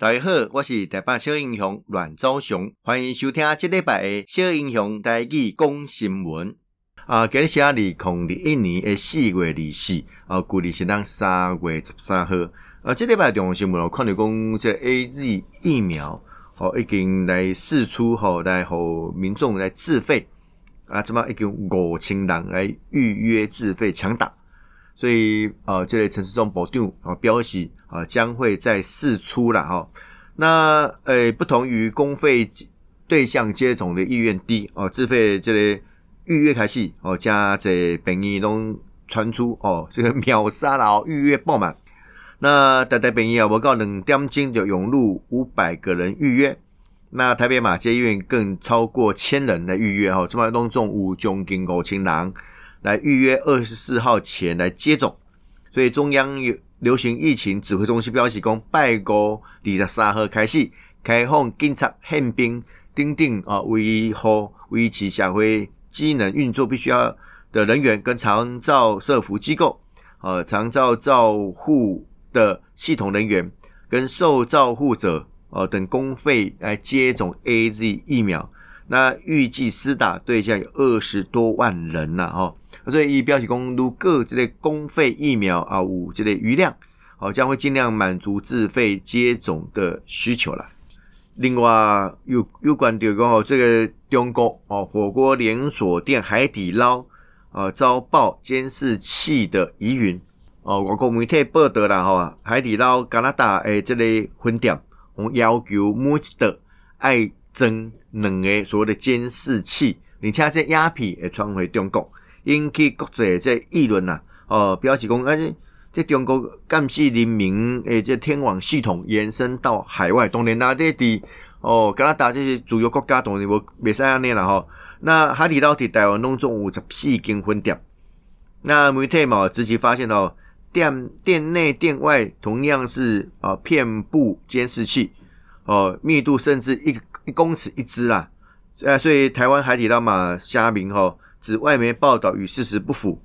大家好，我是台北小英雄阮昭雄，歡迎收聽啊，這禮拜的小英雄台語講新聞啊，今天是日是二零二一年的四月二十四，舊曆日是咱三月十三號，啊、呃，這禮拜重要新聞，看到講這 A Z 疫苗，哦，已經來釋出吼，來後民眾來自費啊，怎麼已經五千人來預約自費搶打。所以，呃，這類陳時中部長啊表示，啊、呃，將會再釋出了哈、喔。那呃、欸，不同於公費對象接種的意願低哦，自費這類預約開始，哦、喔，加在屏東傳出哦、喔，這個秒殺然後預約爆滿。那在本北啊，我告兩點鐘就湧入五百個人預約。那台北馬偕醫院更超過千人的預約哦，這麼東中五中經過青狼。來預約二十四號前來接種，所以中央流流行疫情指揮中心標示，公拜溝裡的沙河開始，開放警察憲兵丁丁啊維護、維持社會機能運作，必須要的人員跟長照社福機構啊長照、照護的系統人員跟受照護者啊、呃、等公費來接種 A Z 疫苗，那預計施打對象有二十多萬人吶、啊、哈、呃。所以，伊表示講，如果這類公費疫苗啊，有這類餘量，好將會盡量滿足自費接種的需求啦。另外有，有有關這講吼，這個中國哦，火鍋連鎖店海底撈啊遭爆監視器的疑雲哦、呃，外國媒體報道啦啊，海底撈加拿大誒這類分店，要求每一桌要裝兩個所謂的監視器，而且這鴉片也傳回中國。引起國際在議論吶、啊，哦，表示講，哎、啊，這中國監視人民誒，這天網系統延伸到海外，當然啦、啊，佇哦，加拿大這些主要國家當然無袂使安尼啦吼。那海底撈佇台灣攏總有十四間分店，那媒體嘛直接發現到、哦、店店內店外同樣是哦遍布監視器，哦，密度甚至一一公尺一支啦，哎、啊，所以台灣海底撈嘛蝦明吼、哦。指外媒報道與事實不符。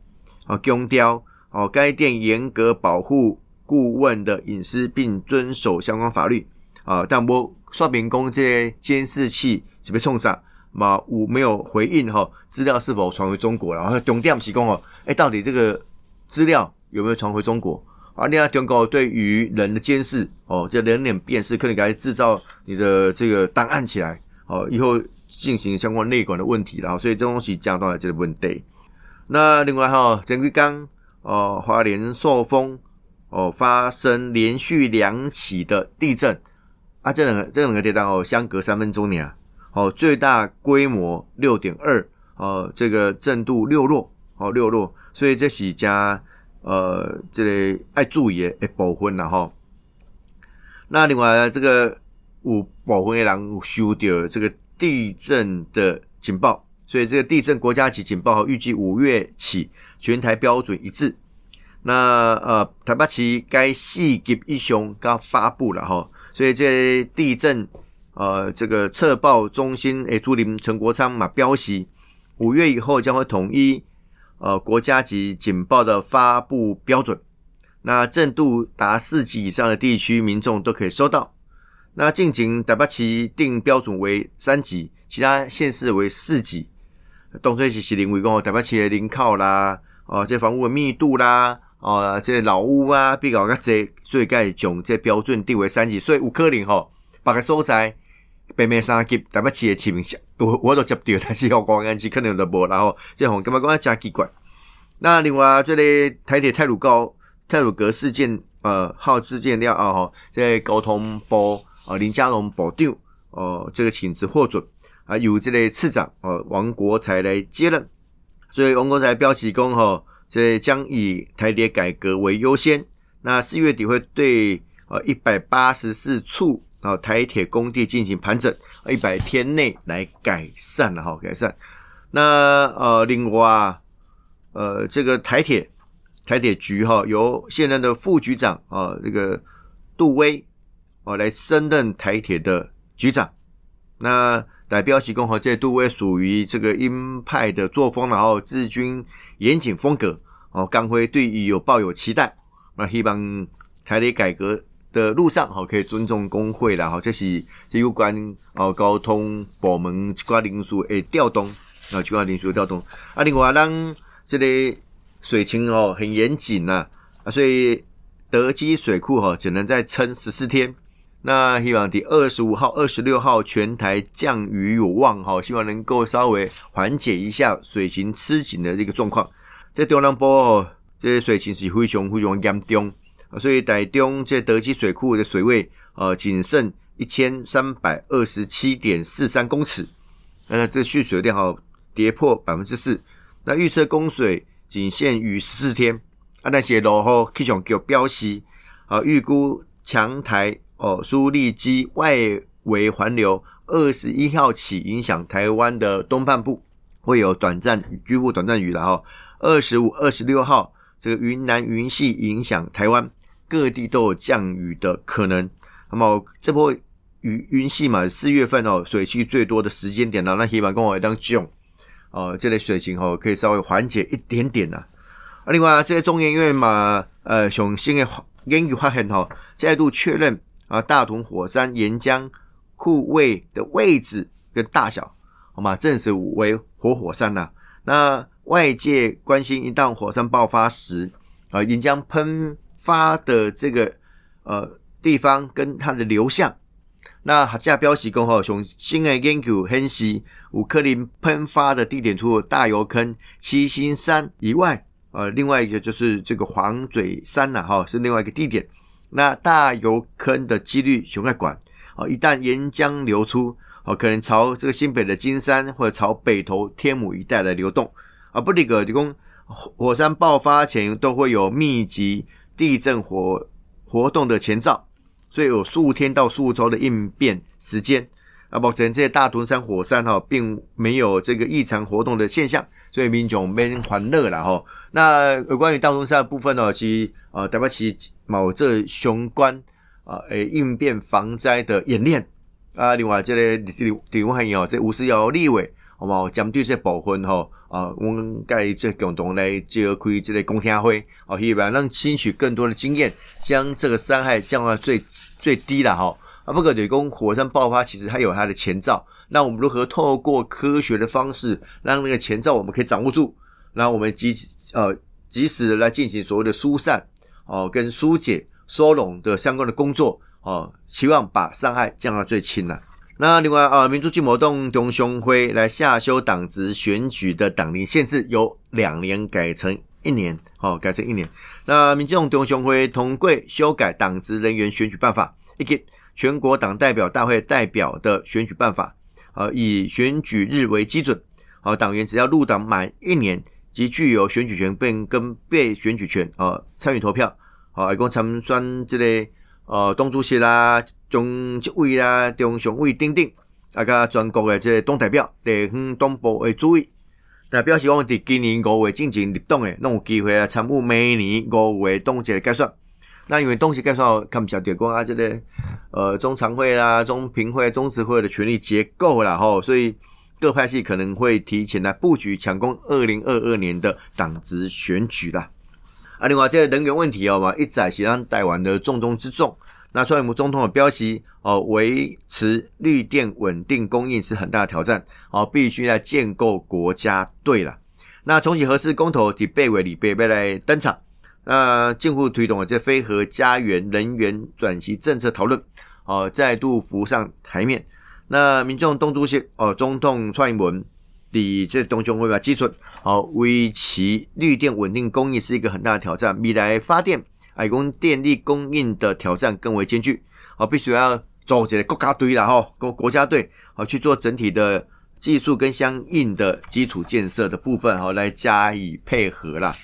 啊強調，哦，該、啊、店嚴格保護顧問的隱私，並遵守相關法律。啊，但波刷屏工這些監視器就被衝上，嘛，我沒有回應齁。資、啊、料是否傳回中國，然後他強調不起功哦。哎，到底這個資料有沒有傳回中國？啊，另外，欸有有中，國啊、你中國對於人的監視，哦、啊，這人臉辨識可能給他製造你的這個檔案起來。哦、啊，以後。進行相關內管的問題，然後所以講這東西講到了這個問題。那另外哈，曾貴剛哦，花蓮壽豐哦發生連續兩起的地震啊，這兩個這兩個地震哦相隔三分鐘呢，哦最大規模六點二哦，這個震度六弱哦六弱，所以這是加呃這裡、個、要注意愛保分了哈、哦。那另外這個。五寶洪一郎收到這個地震的警報，所以這個地震國家級警報預計五月起全台標準一致。那呃，台北市該四級以上才發布了哈，所以這些地震呃，這個測報中心誒，主任陳國昌嘛表示，五月以後將會統一呃國家級警報的發布標準。那震度達四級以上的地區民眾都可以收到。那進行台北市定標準為三級，其他縣市為四級。當區是是認為講，台北市的臨口啦，哦、呃，這房屋的密度啦，哦、呃，這些老屋啊比較較濟，所以蓋種這個標準定為三級，所以有可能吼、哦、別個所在，北面三級台北市的市面，我我都接掉，但是、哦安哦、我講硬是肯定就無然後，即紅感覺講真奇怪。那另外這個台鐵泰魯高太魯閣事件，呃，號事件料啊吼，這交、個、通部。呃，林佳龍部長，哦、呃，這個請辭獲准，啊、呃，由這類次長，哦、呃，王國材來接任。所以王國材表示講吼，這將以台鐵改革為優先。那四月底會對，呃，一百八十四處，啊、呃、台鐵工地進行盤整，一、呃、百天內來改善了哈、哦，改善。那呃，另外，呃，這個台鐵，台鐵局哈、呃，由現任的副局長，啊、呃，這個杜微。哦，來升任台鐵的局長。那代表提工和這度，位屬於這個鷹派的作風，然後治軍嚴謹風格。哦，工會對於有抱有期待。那希望台鐵改革的路上，哦，可以尊重工會啦。後這是這有關哦交通部門一寡零數誒調，調動，啊，一寡零數調動。啊，另外，讓這裡水情哦很嚴謹吶，啊，所以德基水庫哈只能再撐十四天。那希望第二十五號、二十六號全台降雨有望哈，希望能夠稍微緩解一下水情吃緊的這個狀況。這中南部哦，這水情是非常非常嚴重啊，所以台中這德基水庫的水位呃僅剩一千三百二十七點四三公尺，那這蓄水量哈，跌破百分之四，那預測供水僅限於十四天啊。那些落雨氣象局表示，啊，預估強台。哦，舒力基外圍環流，二十一號起影響台灣的東半部，會有短暫局部短暫雨啦吼。二十五、二十六號，這個雲南雲系影響台灣，各地都有降雨的可能。那、嗯、麼、哦、這波雲雲系嘛，四月份哦，水氣最多的時間點吶，那可以把跟我一張囧哦，這類、個、水情吼、哦、可以稍微緩解一點點吶。啊，另外這些中研院嘛，呃，最新的研究發現吼、哦，再度確認。啊，大屯火山岩漿庫，位的位置跟大小，好嗎？正式為活火，火山吶、啊。那外界關心，一旦火山爆發時，啊，岩漿噴發的這個呃地方跟它的流向，那下標題公號，從新的研究分析，五克林噴發的地點除了大油坑七星山以外，呃，另外一個就是這個磺嘴山吶、啊，哈、哦，是另外一個地點。那大油坑的幾率熊愛管啊，一旦岩漿流出啊，可能朝這個新北的金山或者朝北投天母一帶來流動啊。布里格提供，火山爆發前都會有密集地震活活動的前兆，所以有數天到數周的應變時間啊。目前這些大屯山火山哈並沒有這個異常活動的現象。所以民眾免煩惱了吼。那有關於大屯山的部分呢、喔，是呃代表其某這雄關啊，誒、呃、應變防災的演練啊。另外、這個這裡這裡這裡喔，這個地方還有這五市要立委，好、嗯、嘛，針對是部分吼啊。我們在共同來召開這個公聽會，好希望讓吸取更多的經驗，將這個傷害降到最最低了哈、啊。不過，就講火山爆發，其實它有它的前兆。那我們如何透過科學的方式，讓那個前兆我們可以掌握住？那我們即呃，及時來進行所謂的疏散哦、呃，跟疏解、收容的相關的工作哦，希、呃、望把傷害降到最輕了。那另外啊、呃，民主進步黨中常會來下修黨職選舉的黨齡限制，由兩年改成一年哦，改成一年。那民眾中常會通過修改黨職人員選舉辦法，以及全國黨代表大會代表的選舉辦法。呃，以選舉日為基準，好，黨員只要入黨滿一年即具有選舉權，變更被選舉權，呃，參與投票，哦，也講參選這個，哦、呃，黨主席啦，中執委啦，中常委等等，啊，加全國的這個黨代表，地方黨部的主委。那表示我們佇今年五月進行立黨嘅，有機會啊，參與每年五月黨籍嘅計算。那因為東西介紹，看不較點光啊，這個呃中常會啦、中評會、中職會的權力結構啦，吼，所以各派系可能會提前來布局強攻二零二二年的黨職選舉啦。啊，另外這個能源問題哦、喔，把一再協商帶完的重中之重。那所以我們總統的標識哦，維、喔、持綠電穩定供應是很大的挑戰哦、喔，必須來建構國家隊了，那重啟核四公投，得貝韋里貝貝來登場。那進一步推動了這非核家園能源轉型政策討論，哦再度浮上台面。那民進黨主席哦，總統蔡英文里這動諸會把基準好，維持綠電穩定供應是一個很大的挑戰，未來發電、哎工電力供應的挑戰更為艱巨。好，必須要組織國家隊了哈，國國家隊好去做整體的技術跟相應的基礎建設的部分，好來加以配合啦。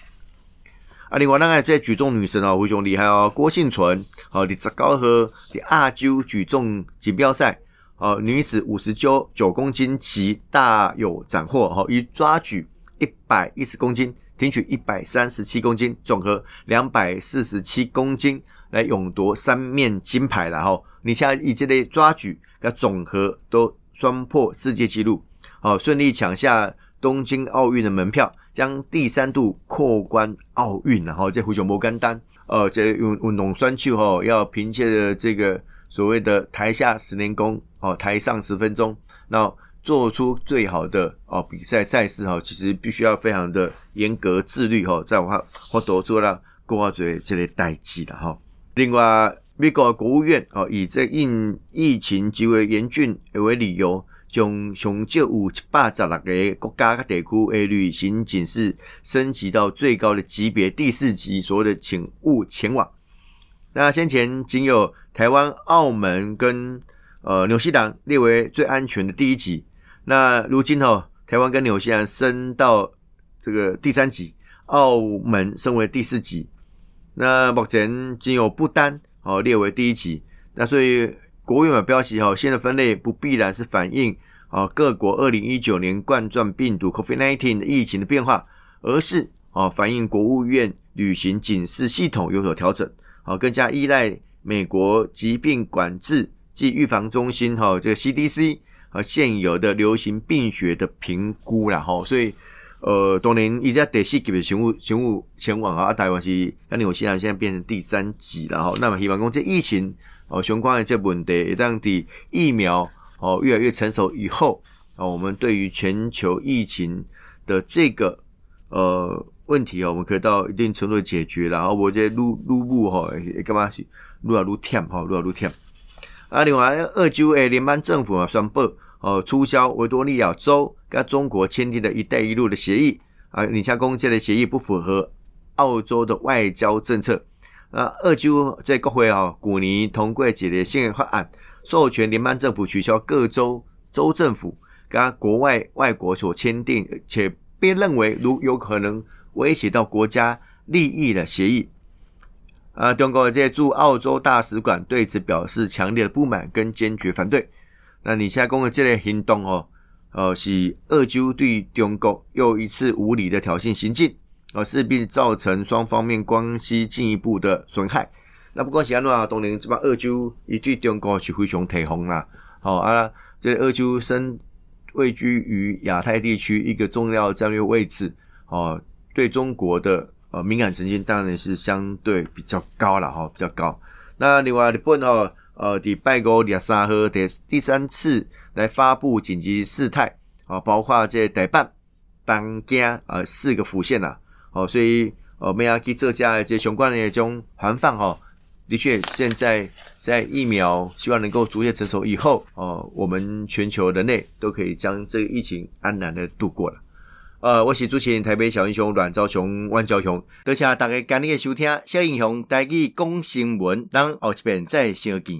啊！你我那個這舉重女神啊，非常厲害哦，郭婞淳哦，你芝加和的亞洲舉重錦標賽哦、啊，女子五十九九公斤級大有斬獲哦。以、啊、抓舉一百一十公斤，挺舉一百三十七公斤，總和兩百四十七公斤來勇奪三面金牌了哈、啊。你現在以這類抓舉的總和都雙破世界紀錄，哦、啊，順利搶下。東京奧運的門票將第三度擴關奧運，然後這胡雪波幹單，呃，這運動選手哈，要憑借着這個所謂的台下十年功，哦，台上十分鐘，那做出最好的哦比賽賽事哈，其實必須要非常的嚴格自律哈，在我或多或少做了規劃最這類代際的哈。另外，美國國務院哦以這因疫情極為嚴峻為理由，從從就一百一十六個國家和地區誒旅行警示升級到最高的級別第四級，所謂的請勿前往。那先前僅有台灣、澳門跟呃紐西蘭列為最安全的第一級，那如今吼、哦，台灣跟紐西蘭升到這個第三級，澳門升為第四級。那目前僅有不丹哦列為第一級，那所以。國務院的標示哈，現在分類不必然是反映啊各國二零一九年冠狀病毒 （COVID-19） 的疫情的變化，而是啊反映國務院旅行警示系統有所調整，啊更加依賴美國疾病管制暨預防中心哈，這個 CDC 和現有的流行病學的評估了哈。所以呃，當年一家得西給請勿、請勿前往啊台灣去，那你我現在現在變成第三級了哈。那麼希望公這疫情。哦，相關的這問題，一旦的疫苗哦越來越成熟以後，啊、哦，我們對於全球疫情的這個呃問題哦，我們可以到一定程度解決然後我這擼擼木哈，干嘛是擼啊擼舔哈，擼啊擼舔。啊，另外，二九誒，聯邦政府啊宣布哦，取消維多利亞州跟中國簽訂的一帶一路的協議啊，你像公這的協議不符合澳洲的外交政策。啊！澳洲在國會啊、哦，鼓勵通過幾類信任法案，授權聯邦政府取消各州、州政府跟國外外國所簽訂且被認為如有可能威脅到國家利益的協議。啊，中國在駐澳洲大使館對此表示強烈的不滿跟堅決反對。那你李家工的這類行動哦，哦、呃、是澳洲對中國又一次無理的挑釁行徑。而、哦，勢必造成雙方面關係進一步的損害。那不過是安陸啊，當然，這幫澳洲一對中國是非常提防啦，好啊，這澳洲身位居於亞太地區一個重要戰略位置哦，對中國的呃敏感神經當然是相對比較高了哈、哦，比較高。那另外日本哦，呃，禮拜五23日第第三次來發布緊急事態啊、哦，包括這大阪東京啊、呃、四個府縣吶。好、哦，所以，呃，我們要給這家這些相關的一種防範，哈，的確，現在在疫苗，希望能夠逐漸成熟以後，哦、呃，我們全球人類都可以將這個疫情安然的度過了。呃，我是主持人台北小英雄阮昭雄、阮昭雄，多謝大家今日的收聽，小英雄帶去講新聞，等後幾遍再相見。